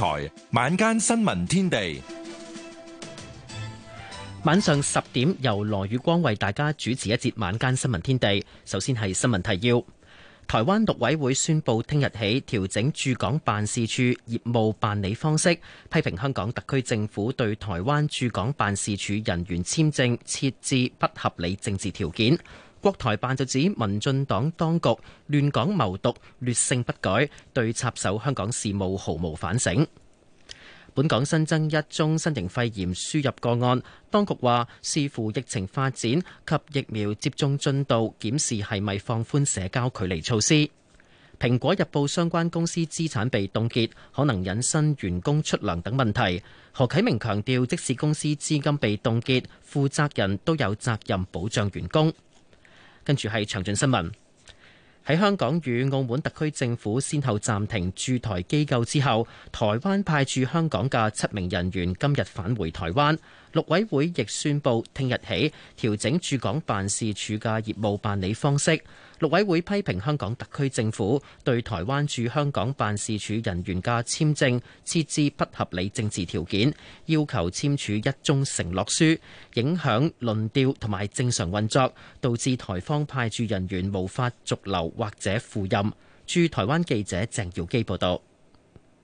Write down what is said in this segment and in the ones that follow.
台晚間新聞天地，晚上十點由羅宇光為大家主持一節晚間新聞天地。首先係新聞提要：台灣陸委會宣佈，聽日起調整駐港辦事處業務辦理方式，批評香港特區政府對台灣駐港辦事處人員簽證設置不合理政治條件。國台辦就指民進黨當局亂港謀獨劣性不改，對插手香港事務毫無反省。本港新增一宗新型肺炎輸入個案，當局話視乎疫情發展及疫苗接種進度，檢視係咪放寬社交距離措施。蘋果日報相關公司資產被凍結，可能引申員工出糧等問題。何啟明強調，即使公司資金被凍結，負責人都有責任保障員工。跟住係詳盡新聞。喺香港與澳門特區政府先後暫停駐台機構之後，台灣派駐香港嘅七名人員今日返回台灣。陸委會亦宣布聽日起調整駐港辦事處嘅業務辦理方式。陸委會批評香港特區政府對台灣駐香港辦事處人員嘅簽證設置不合理政治條件，要求簽署一宗承諾書，影響論調同埋正常運作，導致台方派駐人員無法續留或者赴任。駐台灣記者鄭耀基報道。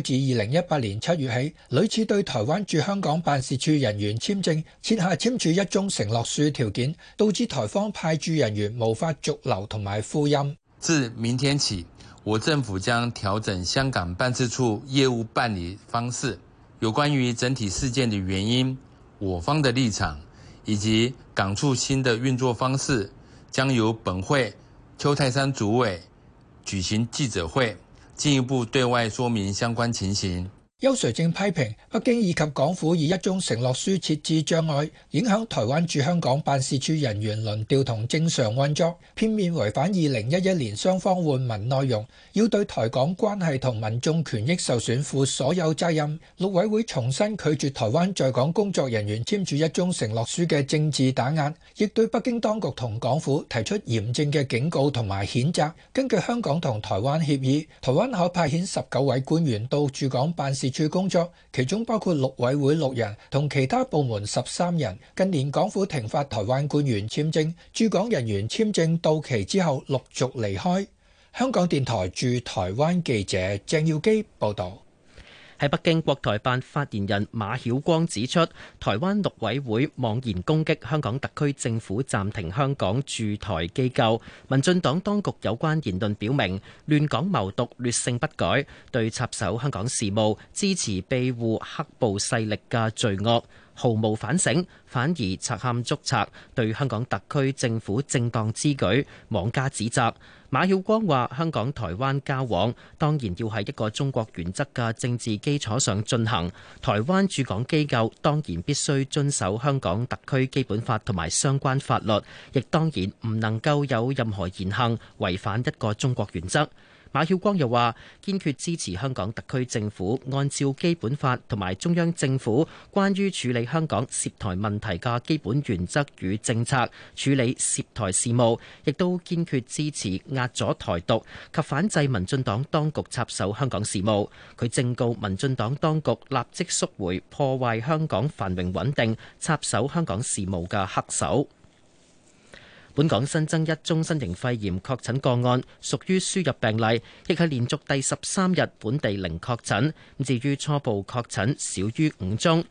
自二零一八年七月起，屢次對台灣駐香港辦事處人員簽證設下簽署一宗承諾書條件，導致台方派駐人員無法續留同埋赴任。自明天起，我政府將調整香港辦事處業務辦理方式。有關於整體事件的原因、我方的立場以及港處新的運作方式，將由本會邱泰山主委舉行記者會。進一步對外說明相關情形。邱瑞正批評北京以及港府以一宗承諾書設置障礙，影響台灣駐香港辦事處人員輪調同正常運作，片面違反二零一一年雙方換文內容，要對台港關係同民眾權益受損負所有責任。陸委會重新拒絕台灣在港工作人員簽署一宗承諾書嘅政治打壓，亦對北京當局同港府提出嚴正嘅警告同埋譴責。根據香港同台灣協議，台灣可派遣十九位官員到駐港辦事。駐工作，其中包括陸委會六人同其他部門十三人。近年港府停發台灣官員簽證，駐港人員簽證到期之後陸續離開。香港電台駐台灣記者鄭耀基報道。喺北京，國台辦發言人馬曉光指出，台灣陸委會妄言攻擊香港特區政府暫停香港駐台機構，民進黨當局有關言論表明亂港謀獨劣性不改，對插手香港事務、支持庇護黑暴勢力嘅罪惡。毫無反省，反而賊喊捉賊，對香港特區政府正當之舉，妄加指責。馬曉光話：香港台灣交往當然要喺一個中國原則嘅政治基礎上進行。台灣駐港機構當然必須遵守香港特區基本法同埋相關法律，亦當然唔能夠有任何言行違反一個中國原則。馬曉光又話：堅決支持香港特區政府按照基本法同埋中央政府關於處理香港涉台問題嘅基本原則與政策處理涉台事務，亦都堅決支持壓咗台獨及反制民進黨當局插手香港事務。佢正告民進黨當局立即縮回破壞香港繁榮穩定、插手香港事務嘅黑手。本港新增一宗新型肺炎確診個案，屬於輸入病例，亦係連續第十三日本地零確診。至於初步確診少於五宗，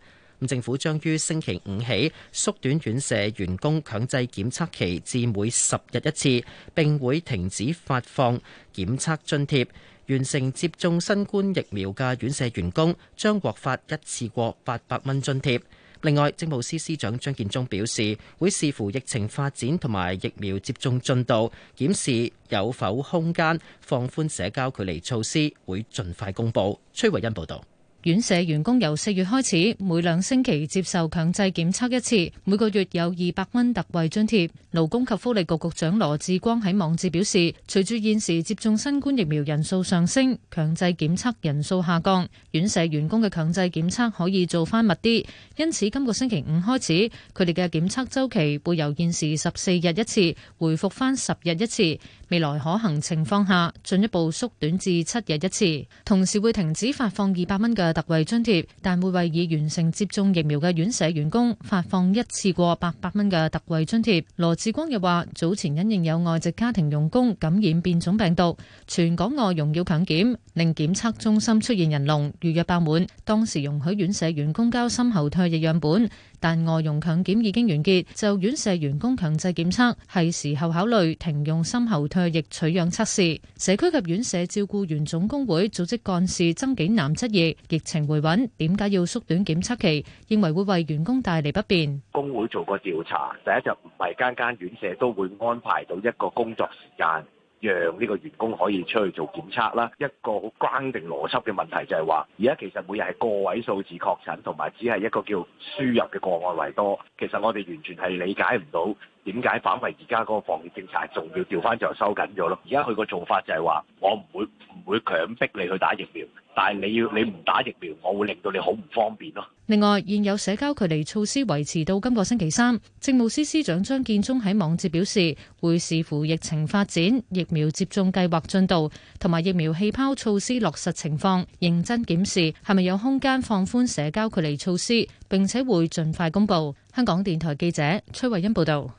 政府將於星期五起縮短院舍員工強制檢測期至每十日一次，並會停止發放檢測津貼。完成接種新冠疫苗嘅院舍員工將獲發一次過八百蚊津貼。另外，政務司司長張建宗表示，會視乎疫情發展同埋疫苗接種進度，檢視有否空間放寬社交距離措施，會盡快公布。崔惠恩報道。院舍員工由四月開始每兩星期接受強制檢測一次，每個月有二百蚊特惠津貼。勞工及福利局局長羅致光喺網誌表示，隨住現時接種新冠疫苗人數上升，強制檢測人數下降，院舍員工嘅強制檢測可以做翻密啲。因此，今個星期五開始，佢哋嘅檢測週期會由現時十四日一次回復翻十日一次，未來可行情況下進一步縮短至七日一次。同時會停止發放二百蚊嘅，特惠津貼，但會為已完成接種疫苗嘅院舍員工發放一次過八百蚊嘅特惠津貼。羅志光又話，早前因應有外籍家庭傭工感染變種病毒，全港外傭要強檢，令檢測中心出現人龍，預約爆滿，當時容許院舍員工交深喉唾液樣本。但外傭強檢已經完結，就院舍員工強制檢測係時候考慮停用深喉唾液取樣測試。社區及院舍照顧員總工會組織幹事曾景南質疑：疫情回穩，點解要縮短檢測期？認為會為員工帶嚟不便。工會做過調查，第一就唔係間間院舍都會安排到一個工作時間。.讓呢個員工可以出去做檢測啦。一個好關定邏輯嘅問題就係話，而家其實每日係個位數字確診同埋只係一個叫輸入嘅個案為多。其實我哋完全係理解唔到。點解反為而家嗰個防疫政策仲要調翻就收緊咗咯？而家佢個做法就係話，我唔會唔會強迫你去打疫苗，但係你要你唔打疫苗，我會令到你好唔方便咯。另外，現有社交距離措施維持到今個星期三。政務司司長張建宗喺網誌表示，會視乎疫情發展、疫苗接種計劃進度同埋疫苗氣泡措施落實情況，認真檢視係咪有空間放寬社交距離措施，並且會盡快公布。香港電台記者崔慧欣報導。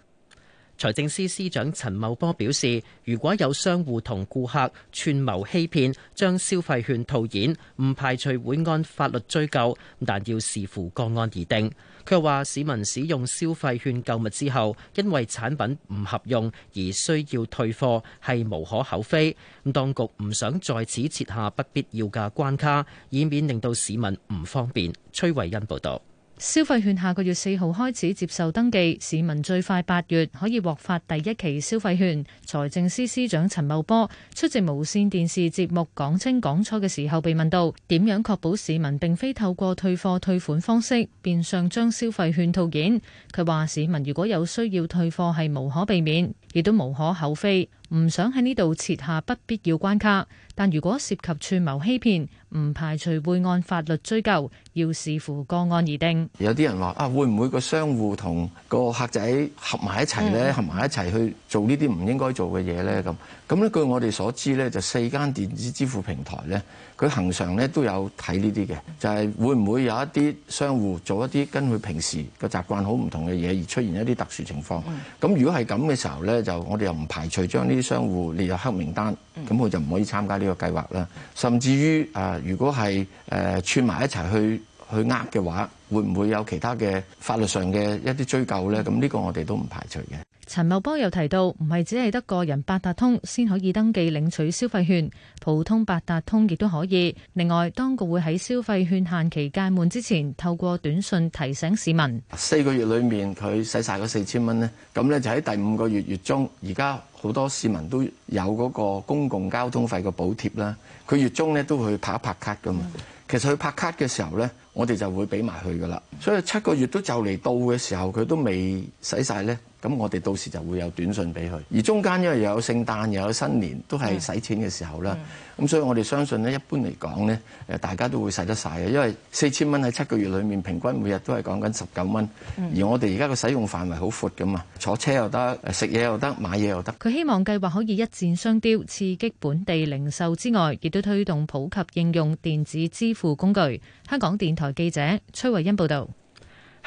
財政司司長陳茂波表示，如果有商戶同顧客串謀欺騙，將消費券套現，唔排除會按法律追究，但要視乎個案而定。佢話：市民使用消費券購物之後，因為產品唔合用而需要退貨，係無可厚非。咁當局唔想在此設下不必要嘅關卡，以免令到市民唔方便。崔慧欣報導。消費券下個月四號開始接受登記，市民最快八月可以獲發第一期消費券。財政司司長陳茂波出席無綫電視節目講清講楚嘅時候，被問到點樣確保市民並非透過退貨退款方式變相將消費券套現。佢話，市民如果有需要退貨係無可避免，亦都無可厚非。唔想喺呢度設下不必要關卡，但如果涉及串謀欺騙，唔排除會按法律追究，要視乎個案而定。有啲人話啊，會唔會個商戶同個客仔合埋一齊咧，的合埋一齊去做，做呢啲唔應該做嘅嘢咧？咁咁咧據我哋所知咧，就四間電子支付平台咧，佢恆常咧都有睇呢啲嘅，就係、是、會唔會有一啲商戶做一啲跟佢平時個習慣好唔同嘅嘢，而出現一啲特殊情況？咁的如果係咁嘅時候咧，就我哋又唔排除將呢。啲商戶列入黑名單，咁佢就唔可以參加呢個計劃啦。甚至於啊，如果係誒串埋一齊去去呃嘅話，會唔會有其他嘅法律上嘅一啲追究咧？咁呢個我哋都唔排除嘅。陳茂波又提到，唔係只係得個人八達通先可以登記領取消費券，普通八達通亦都可以。另外，當局會喺消費券限期屆滿之前，透過短信提醒市民四個月裏面佢使晒嗰四千蚊咧，咁咧就喺第五個月月中而家。好多市民都有嗰個公共交通費嘅補貼啦，佢月中呢都會去拍一拍卡㗎嘛。其實佢拍卡嘅時候呢，我哋就會畀埋佢㗎喇。所以七個月都就嚟到嘅時候，佢都未使晒呢。咁我哋到時就會有短信俾佢，而中間因為又有聖誕又有新年，都係使錢嘅時候啦。咁的所以我哋相信呢，一般嚟講呢，誒大家都會使得晒嘅，因為四千蚊喺七個月裡面平均每日都係講緊十九蚊，而我哋而家嘅使用範圍好闊噶嘛，坐車又得，食嘢又得，買嘢又得。佢希望計劃可以一箭雙雕，刺激本地零售之外，亦都推動普及應用電子支付工具。香港電台記者崔慧欣報道。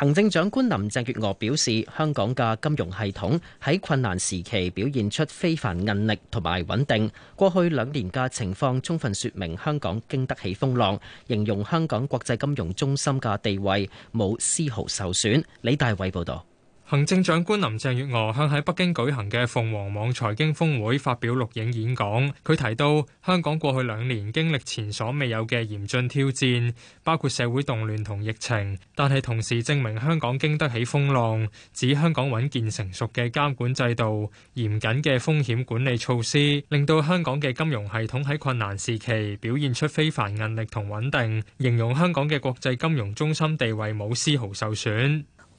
行政長官林鄭月娥表示，香港嘅金融系統喺困難時期表現出非凡韌力同埋穩定。過去兩年嘅情況充分說明香港經得起風浪，形容香港國際金融中心嘅地位冇絲毫受損。李大偉報導。行政長官林鄭月娥向喺北京舉行嘅鳳凰網財經峰會發表錄影演講，佢提到香港過去兩年經歷前所未有嘅嚴峻挑戰，包括社會動亂同疫情，但係同時證明香港經得起風浪，指香港穩健成熟嘅監管制度、嚴謹嘅風險管理措施，令到香港嘅金融系統喺困難時期表現出非凡韌力同穩定，形容香港嘅國際金融中心地位冇絲毫受損。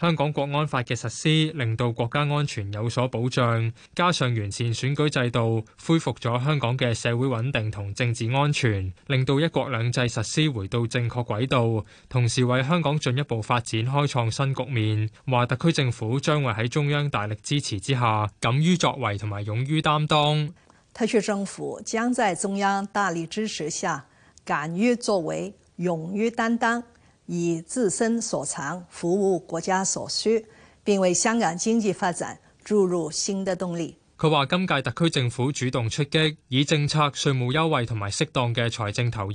香港國安法嘅實施令到國家安全有所保障，加上完善選舉制度，恢復咗香港嘅社會穩定同政治安全，令到一國兩制實施回到正確軌道，同時為香港進一步發展開創新局面。話特區政府將會喺中央大力支持之下，敢於作為同埋勇於擔當。特區政府將在中央大力支持下，敢於作為，勇於擔當。以自身所長服務國家所需，並為香港經濟發展注入,入新的動力。佢話今屆特區政府主動出擊，以政策、稅務優惠同埋適當嘅財政投入，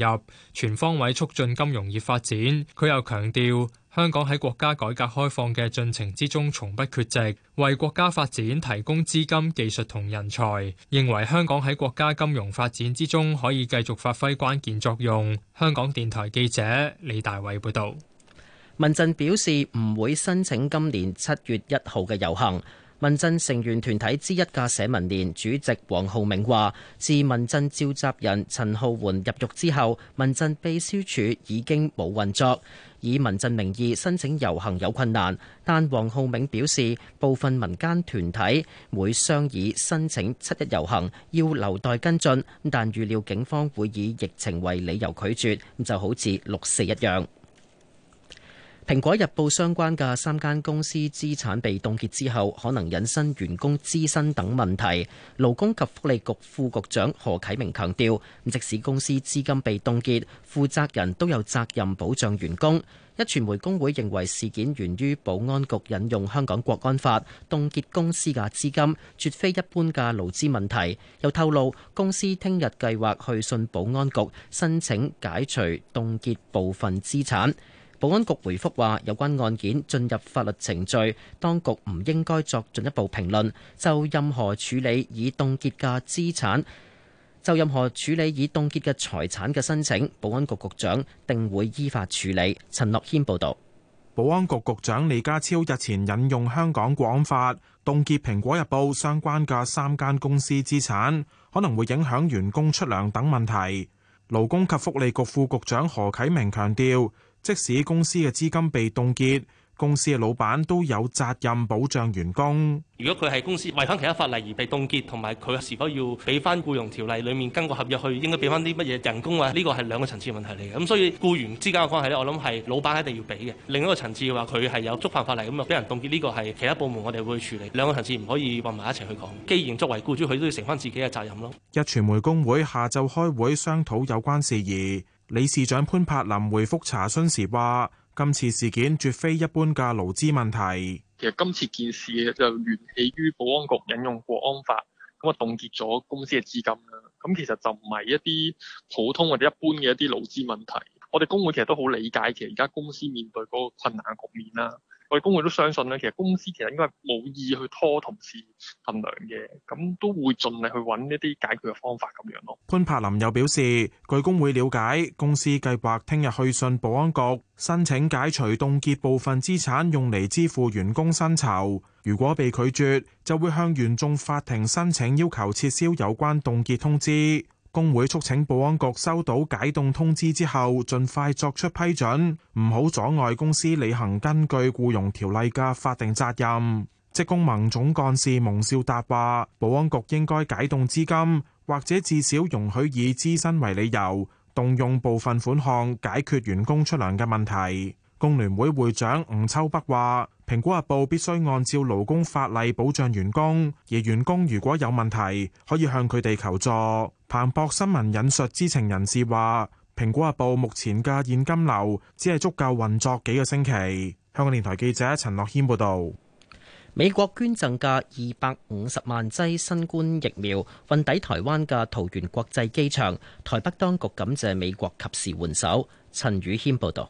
全方位促進金融業發展。佢又強調。香港喺國家改革開放嘅進程之中，從不缺席，為國家發展提供資金、技術同人才。認為香港喺國家金融發展之中可以繼續發揮關鍵作用。香港電台記者李大偉報導。民陣表示唔會申請今年七月一號嘅遊行。民陣成員團體之一嘅社民連主席黃浩銘話，自民陣召集人陳浩桓入獄之後，民陣秘書處已經冇運作。以民陣名義申請遊行有困難，但黃浩銘表示部分民間團體會商議申請七一遊行，要留待跟進。但預料警方會以疫情為理由拒絕，就好似六四一樣。《蘋果日報》相關嘅三間公司資產被凍結之後，可能引申員工資薪等問題。勞工及福利局副局長何啟明強調，即使公司資金被凍結，負責人都有責任保障員工。一傳媒工會認為事件源於保安局引用香港國安法凍結公司嘅資金，絕非一般嘅勞資問題。又透露公司聽日計劃去信保安局申請解除凍結部分資產。保安局回覆話：有關案件進入法律程序，當局唔應該作進一步評論。就任何處理已凍結嘅資產，就任何處理已凍結嘅財產嘅申請，保安局局長定會依法處理。陳樂軒報導。保安局局長李家超日前引用香港國安法凍結《蘋果日報》相關嘅三間公司資產，可能會影響員工出糧等問題。勞工及福利局副局長何啟明強調。即使公司嘅資金被凍結，公司嘅老闆都有責任保障員工。如果佢係公司違反其他法例而被凍結，同埋佢是否要俾翻僱傭條例裡面跟個合約去應該俾翻啲乜嘢人工啊？呢個係兩個層次問題嚟嘅。咁所以僱員之間嘅關係咧，我諗係老闆一定要俾嘅。另一個層次嘅話，佢係有觸犯法例咁啊，俾人凍結呢個係其他部門我哋會處理。兩個層次唔可以混埋一齊去講。既然作為僱主，佢都要承翻自己嘅責任咯。壹傳媒工會下晝開會商討有關事宜。理事長潘柏林回覆查詢時話，今次事件絕非一般嘅勞資問題。其實今次件事就緣起於保安局引用國安法，咁啊凍結咗公司嘅資金啦。咁其實就唔係一啲普通或者一般嘅一啲勞資問題。我哋工會其實都好理解，其實而家公司面對嗰個困難局面啦。巨工會都相信咧，其實公司其實應該係冇意去拖同事份糧嘅，咁都會盡力去揾一啲解決嘅方法咁樣咯。潘柏林又表示，據工會了解公司計劃聽日去信保安局，申請解除凍結部分資產用嚟支付員工薪酬。如果被拒絕，就會向原訟法庭申請要求撤銷有關凍結通知。工會促請保安局收到解凍通知之後，盡快作出批准，唔好阻礙公司履行根據僱傭條例嘅法定責任。職工盟總幹事蒙兆達話，保安局應該解凍資金，或者至少容許以資薪為理由，動用部分款項解決員工出糧嘅問題。工聯會會，會長吳秋北話。評估日報必須按照勞工法例保障員工，而員工如果有問題，可以向佢哋求助。彭博新聞引述知情人士話，蘋果日報目前嘅現金流只係足夠運作幾個星期。香港電台記者陳樂謙報道。美國捐贈嘅二百五十萬劑新冠疫苗運抵台灣嘅桃園國際機場，台北當局感謝美國及時援手。陳宇謙報道。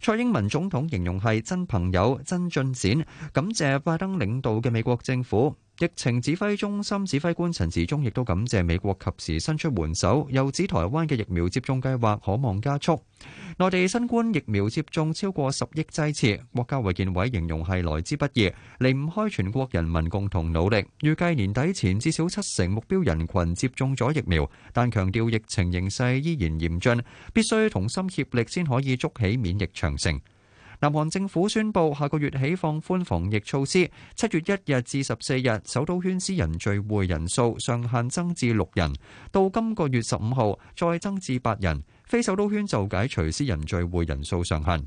蔡英文總統形容係真朋友、真進展，感謝拜登領導嘅美國政府。疫情指揮中心指揮官陳時中亦都感謝美國及時伸出援手，又指台灣嘅疫苗接種計劃可望加速。內地新冠疫苗接種超過十億劑次，國家衛健委形容係來之不易，離唔開全國人民共同努力。預計年底前至少七成目標人群接種咗疫苗，但強調疫情形勢依然嚴峻，必須同心協力先可以築起免疫長城。南韓政府宣布，下個月起放寬防疫措施。七月一日至十四日，首都圈私人聚會人數上限增至六人，到今個月十五號再增至八人。非首都圈就解除私人聚會人數上限。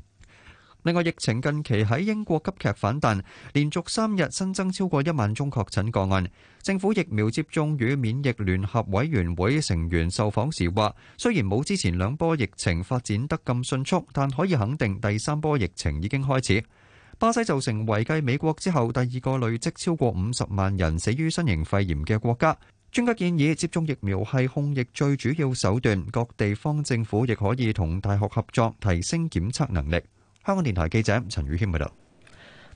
另外，疫情近期喺英國急劇反彈，連續三日新增超過一萬宗確診個案。政府疫苗接種與免疫聯合委員會成員受訪時話，雖然冇之前兩波疫情發展得咁迅速，但可以肯定第三波疫情已經開始。巴西就成為繼美國之後，第二個累積超過五十萬人死於新型肺炎嘅國家。專家建議接種疫苗係控疫最主要手段，各地方政府亦可以同大學合作提升檢測能力。香港電台記者陳宇謙報道。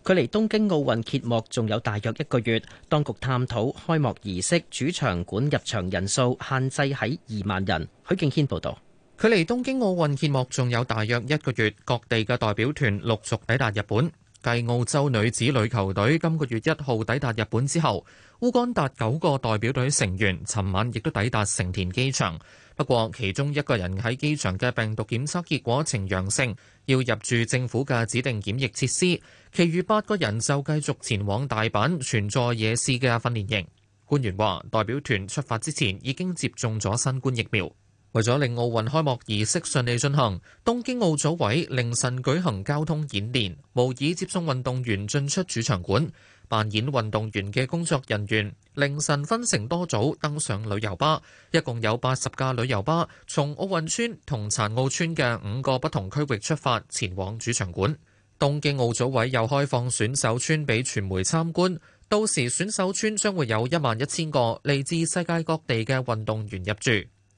距離東京奧運揭幕仲有大約一個月，當局探討開幕儀式主場館入場人數限制喺二萬人。許敬軒報道。距離東京奧運揭幕仲有大約一個月，各地嘅代表團陸續抵達日本。繼澳洲女子壘球隊今個月一號抵達日本之後，烏干達九個代表隊成員尋晚亦都抵達成田機場。不過，其中一個人喺機場嘅病毒檢測結果呈陽性，要入住政府嘅指定檢疫設施。其餘八個人就繼續前往大阪泉佐野市嘅訓練營。官員話，代表團出發之前已經接種咗新冠疫苗。為咗令奧運開幕儀式順利進行，東京奧組委凌晨舉行交通演練，模擬接送運動員進出主場館。扮演運動員嘅工作人員凌晨分成多組登上旅遊巴，一共有八十架旅遊巴從奧運村同殘奧村嘅五個不同區域出發前往主場館。東京奧組委又開放選手村俾傳媒參觀，到時選手村將會有一萬一千個嚟自世界各地嘅運動員入住。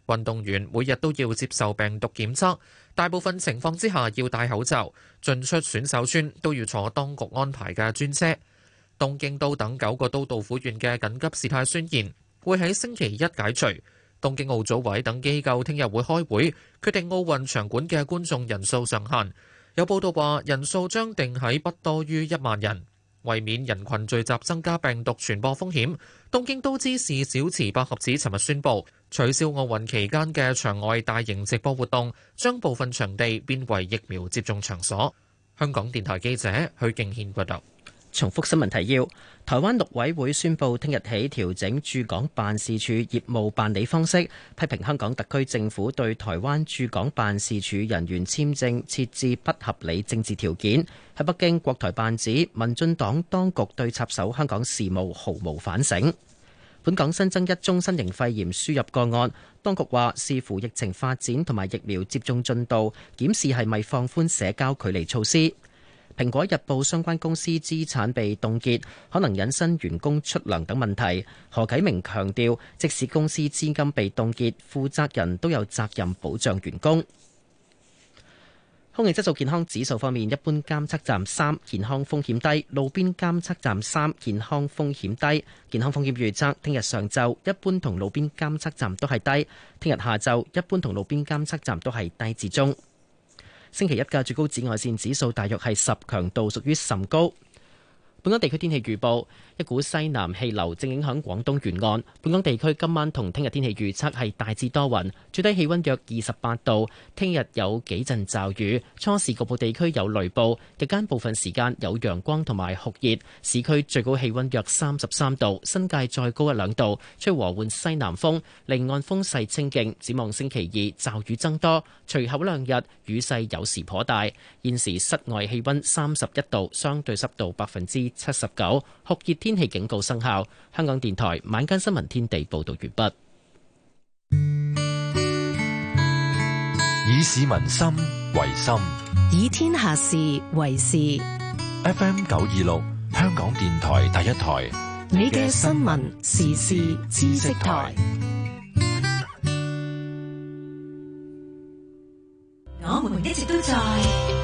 運動員每日都要接受病毒檢測，大部分情況之下要戴口罩，進出選手村都要坐當局安排嘅專車。東京都等九個都道府縣嘅緊急事態宣言會喺星期一解除。東京奧組委等機構聽日會開會，決定奧運場館嘅觀眾人數上限，有報道話人數將定喺不多於一萬人。為免人群聚集增加病毒傳播風險，東京都知事小池百合子尋日宣布取消奧運期間嘅場外大型直播活動，將部分場地變為疫苗接種場所。香港電台記者許敬軒報道。重複新聞提要：台灣陸委會宣布，聽日起調整駐港辦事處業務辦理方式，批評香港特區政府對台灣駐港辦事處人員簽證設置不合理政治條件。喺北京，國台辦指民進黨當局對插手香港事務毫無反省。本港新增一宗新型肺炎輸入個案，當局話視乎疫情發展同埋疫苗接種進度，檢視係咪放寬社交距離措施。蘋果日報相關公司資產被凍結，可能引申員工出糧等問題。何啟明強調，即使公司資金被凍結，負責人都有責任保障員工。空氣質素健康指數方面，一般監測站三健康風險低，路邊監測站三健康風險低。健康風險預測：聽日上晝一般同路邊監測站都係低，聽日下晝一般同路邊監測站都係低至中。星期一嘅最高紫外線指數大約係十，強度屬於甚高。本港地區天氣預報：一股西南氣流正影響廣東沿岸。本港地區今晚同聽日天氣預測係大致多雲，最低氣溫約二十八度。聽日有幾陣驟雨，初時局部地區有雷暴，日間部分時間有陽光同埋酷熱。市區最高氣溫約三十三度，新界再高一兩度，吹和緩西南風，離岸風勢清勁。展望星期二驟雨增多，隨後兩日雨勢有時頗大。現時室外氣溫三十一度，相對濕度百分之。七十九酷熱天氣警告生效。香港電台晚間新聞天地報道完畢。以市民心為心，以天下事為事。FM 九二六，香港電台第一台，你嘅新聞時事知識台，我們一直都在。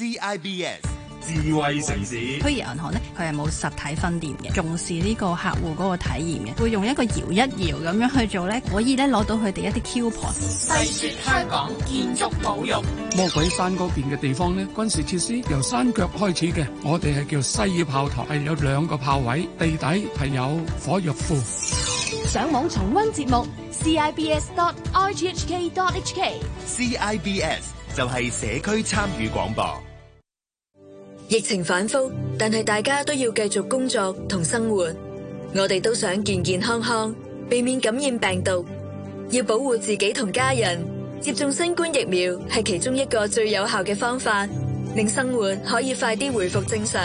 CIBS 智慧城市，虛擬銀行咧，佢係冇實體分店嘅，重視呢個客戶嗰個體驗嘅，會用一個搖一搖咁樣去做咧，可以咧攞到佢哋一啲 coupon。細說香港建築保育，魔鬼山嗰邊嘅地方咧，軍事設施由山腳開始嘅，我哋係叫西炮台，係有兩個炮位，地底係有火藥庫。上網重溫節目 CIBS dot RTHK dot HK，CIBS 就係社區參與廣播。疫情反復，但係大家都要繼續工作同生活。我哋都想健健康康，避免感染病毒。要保護自己同家人，接種新冠疫苗係其中一個最有效嘅方法，令生活可以快啲回復正常。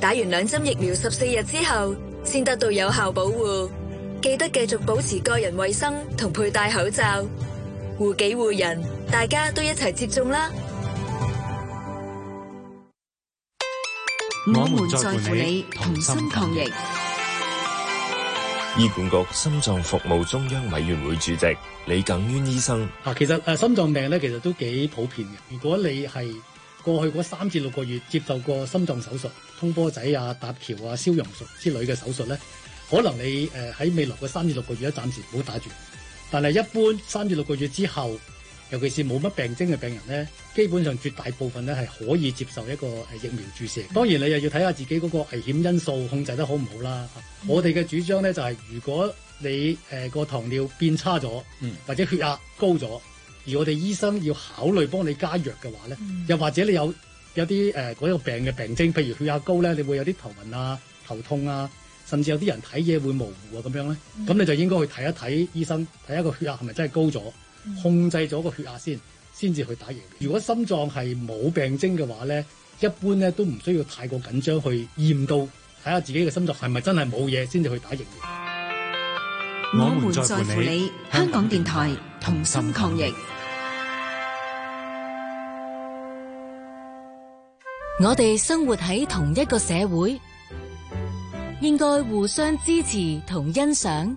打完兩針疫苗十四日之後，先得到有效保護。記得繼續保持個人衛生同佩戴口罩，護己護人，大家都一齊接種啦！我們在乎你，同心抗疫。醫管局心臟服務中央委員會主席李耿淵醫生。吓，其實誒心臟病咧，其實都幾普遍嘅。如果你係過去嗰三至六個月接受過心臟手術、通波仔啊、搭橋啊、消融術之類嘅手術咧，可能你誒喺未來嘅三至六個月，暫時唔好打住。但係一般三至六個月之後。尤其是冇乜病徵嘅病人咧，基本上絕大部分咧係可以接受一個誒疫苗注射。嗯、當然你又要睇下自己嗰個危險因素控制得好唔好啦。嗯、我哋嘅主張咧就係、係，如果你誒個、呃、糖尿變差咗，嗯、或者血壓高咗，而我哋醫生要考慮幫你加藥嘅話咧，嗯、又或者你有有啲誒嗰個病嘅病徵，譬如血壓高咧，你會有啲頭暈啊、頭痛啊，甚至有啲人睇嘢會模糊啊咁樣咧，咁、嗯、你就應該去睇一睇醫生，睇一個血壓係咪真係高咗。控制咗個血壓先，先至去打疫苗。如果心臟係冇病徵嘅話咧，一般咧都唔需要太過緊張去驗到，睇下自己嘅心臟係咪真係冇嘢先至去打疫苗。我們在乎你，香港電台同心抗疫。我哋生活喺同一個社會，應該互相支持同欣賞。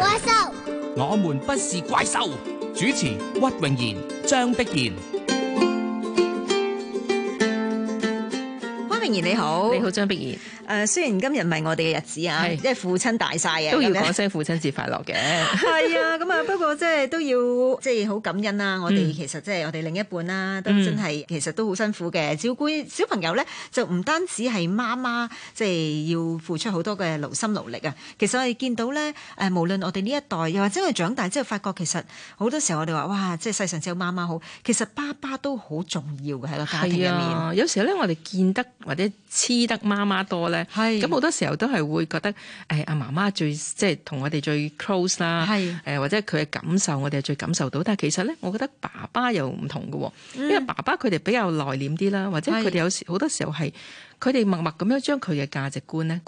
怪獸，我們不是怪獸。主持：屈穎妍、張碧然。你好，你好張碧如。誒、呃，雖然今日唔係我哋嘅日子啊，即係是父親大晒，嘅，都要講聲父親節快樂嘅。係啊，咁啊，不過即、就、係、是、都要即係好感恩啦、啊。我哋其實即、就、係、是嗯、我哋另一半啦、啊，都真係其實都好辛苦嘅照顧小朋友咧，就唔單止係媽媽即係、就是、要付出好多嘅勞心勞力啊。其實我哋見到咧誒，無論我哋呢一代又或者我哋長大之後，發覺其實好多時候我哋話哇，即係世上只有媽媽好，其實爸爸都好重要嘅喺個家庭入面、啊。有時候咧，我哋見得或者黐得媽媽多咧，咁好是多時候都係會覺得誒，阿媽媽最即係同我哋最 close 啦，誒是或者佢嘅感受我哋係最感受到，但係其實咧，我覺得爸爸又唔同嘅，嗯、因為爸爸佢哋比較內斂啲啦，或者佢哋有時好是多時候係佢哋默默咁樣將佢嘅價值觀咧。